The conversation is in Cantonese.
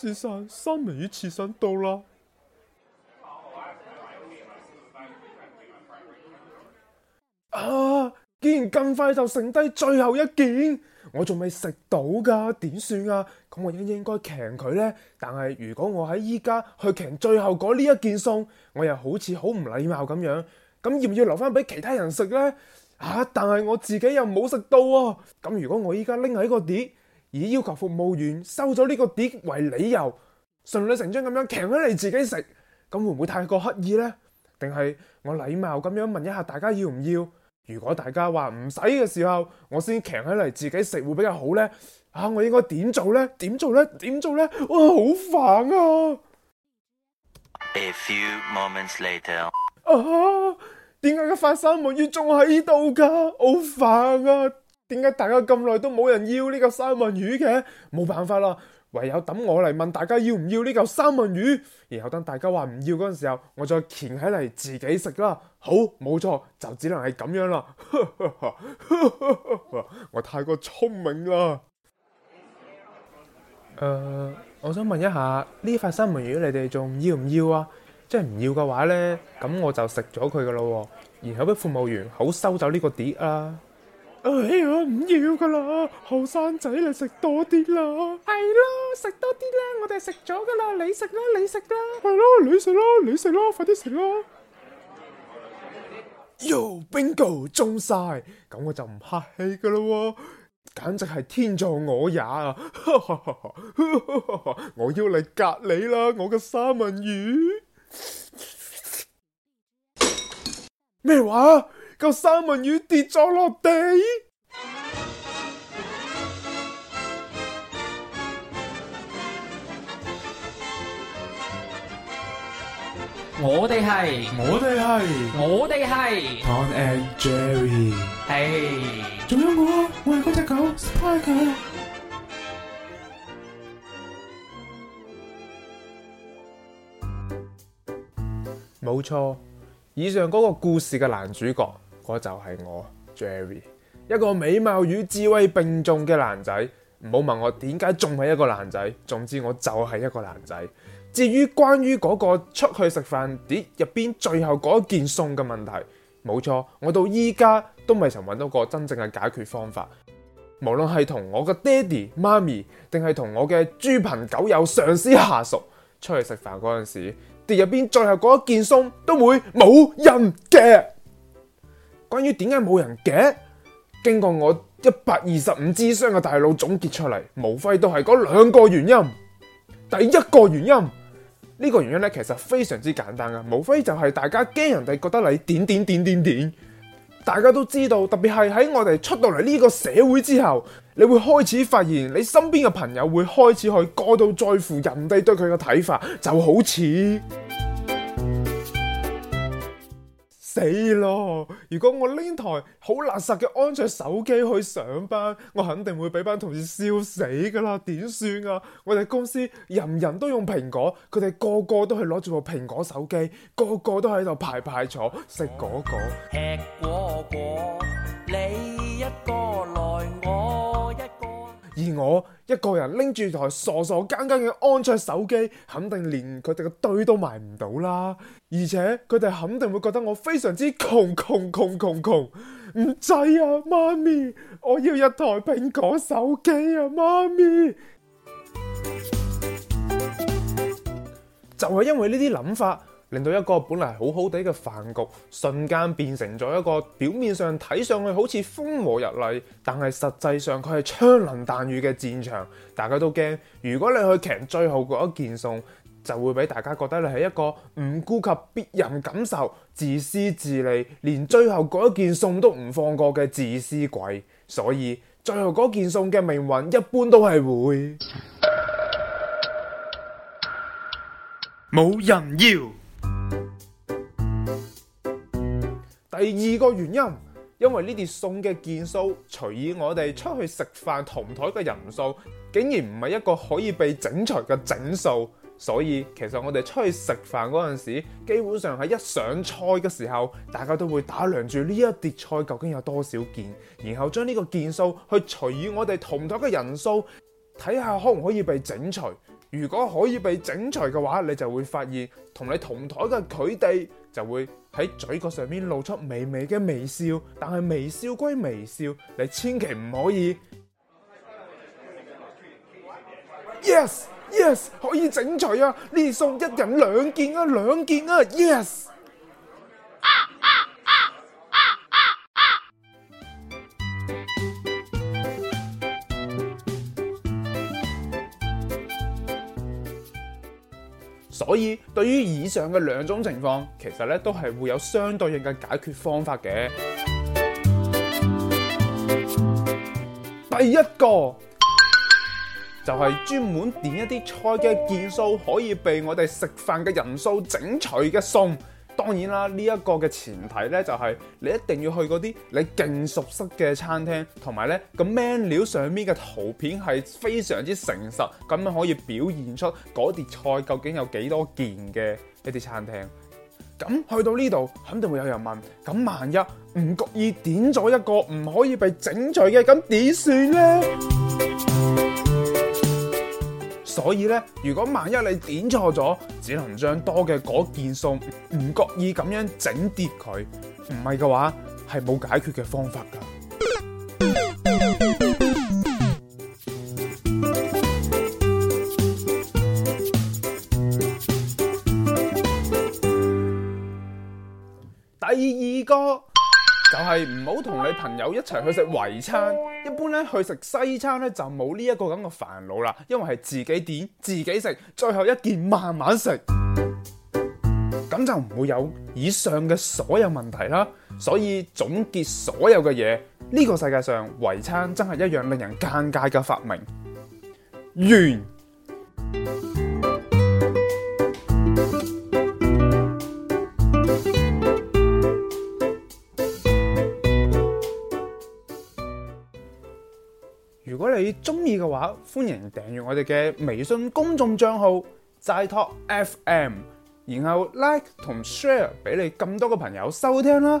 先生，三文魚刺身到啦！啊！啊，竟然咁快就剩低最後一件，我仲未食到噶，點算啊？咁我應唔應該夾佢呢？但係如果我喺依家去夾最後嗰呢一件餸，我又好似好唔禮貌咁樣。咁要唔要留翻俾其他人食呢？啊！但係我自己又冇食到啊！咁如果我依家拎喺個碟？以要求服務員收咗呢個碟為理由，順理成章咁樣夾起嚟自己食，咁會唔會太過刻意呢？定係我禮貌咁樣問一下大家要唔要？如果大家話唔使嘅時候，我先夾起嚟自己食會比較好呢？啊，我應該點做呢？點做呢？點做呢？我好煩啊！A few moments later. 啊，點解發生模魚仲喺度㗎？好煩啊！點解大家咁耐都冇人要呢嚿三文魚嘅？冇辦法啦，唯有等我嚟問大家要唔要呢嚿三文魚，然後等大家話唔要嗰陣時候，我再鉗起嚟自己食啦。好，冇錯，就只能係咁樣啦。 我太過聰明啦。誒、呃，我想問一下呢塊三文魚，你哋仲要唔要啊？即係唔要嘅話呢，咁我就食咗佢㗎啦。然後俾服務員好收走呢個碟啦。哎呀，唔要噶啦，後生仔你食多啲啦，係咯，食多啲啦，我哋食咗噶啦，你食啦，你食啦，係咯，你食啦，你食啦，快啲食啦！喲，bingo 中晒，咁我就唔客氣噶啦，簡直係天助我也啊！ 我要嚟夾你啦，我嘅三文魚咩話？個三文魚跌咗落地。我哋係，我哋係，我哋係。Tom and Jerry 係。仲有我，我係嗰隻狗 Spike。冇錯，以上嗰個故事嘅男主角。就我就係我 Jerry，一個美貌與智慧並重嘅男仔。唔好問我點解仲係一個男仔，總之我就係一個男仔。至於關於嗰個出去食飯碟入邊最後嗰一件餸嘅問題，冇錯，我到依家都未曾搵到個真正嘅解決方法。無論係同我嘅爹哋媽咪，定係同我嘅豬朋狗友、上司下屬出去食飯嗰陣時，碟入邊最後嗰一件餸都會冇人嘅。關於點解冇人嘅，經過我一百二十五智商嘅大佬總結出嚟，無非都係嗰兩個原因。第一個原因，呢個原因呢，其實非常之簡單噶，無非就係大家驚人哋覺得你點點點點點，大家都知道，特別係喺我哋出到嚟呢個社會之後，你會開始發現你身邊嘅朋友會開始去過度在乎人哋對佢嘅睇法，就好似。死咯！如果我拎台好垃圾嘅安卓手機去上班，我肯定會俾班同事笑死噶啦，點算啊？我哋公司人人都用蘋果，佢哋個個都係攞住部蘋果手機，個個都喺度排排坐，食果果，吃果果，你一個來我。而我一個人拎住台傻傻更更嘅安卓手機，肯定連佢哋嘅堆都買唔到啦。而且佢哋肯定會覺得我非常之窮窮窮窮窮。唔制啊，媽咪，我要一台蘋果手機啊，媽咪。 就係因為呢啲諗法。令到一個本來好好地嘅飯局，瞬間變成咗一個表面上睇上去好似風和日麗，但係實際上佢係槍林彈雨嘅戰場。大家都驚，如果你去夾最後嗰一件餸，就會俾大家覺得你係一個唔顧及別人感受、自私自利，連最後嗰一件餸都唔放過嘅自私鬼。所以最後嗰件餸嘅命運，一般都係會冇人要。第二個原因，因為呢啲餸嘅件數除以我哋出去食飯同台嘅人數，竟然唔係一個可以被整除嘅整數，所以其實我哋出去食飯嗰陣時，基本上喺一上菜嘅時候，大家都會打量住呢一碟菜究竟有多少件，然後將呢個件數去除以我哋同台嘅人數，睇下可唔可以被整除。如果可以被整除嘅話，你就會發現同你同台嘅佢哋就會喺嘴角上面露出微微嘅微笑。但係微笑歸微笑，你千祈唔可以。Yes，Yes，yes! 可以整除啊！呢餸一人兩件啊，兩件啊，Yes。所以，對於以上嘅兩種情況，其實咧都係會有相對應嘅解決方法嘅。第一個就係專門點一啲菜嘅件數可以被我哋食飯嘅人數整除嘅餸。當然啦，呢一個嘅前提呢，就係你一定要去嗰啲你勁熟悉嘅餐廳，同埋呢個 menu 上面嘅圖片係非常之誠實，咁樣可以表現出嗰碟菜究竟有幾多件嘅一啲餐廳。咁去到呢度，肯定會有人問：「咁萬一唔覺意點咗一個唔可以被整除嘅，咁點算呢？」所以咧，如果萬一你點錯咗，只能將多嘅嗰件餸唔覺意咁樣整跌佢，唔係嘅話係冇解決嘅方法㗎。第二個。就係唔好同你朋友一齊去食圍餐，一般咧去食西餐咧就冇呢一個咁嘅煩惱啦，因為係自己點自己食，最後一件慢慢食，咁就唔會有以上嘅所有問題啦。所以總結所有嘅嘢，呢個世界上圍餐真係一樣令人尷尬嘅發明。完。中意嘅話，歡迎訂閱我哋嘅微信公眾賬號債托 FM，然後 like 同 share 俾你咁多個朋友收聽啦。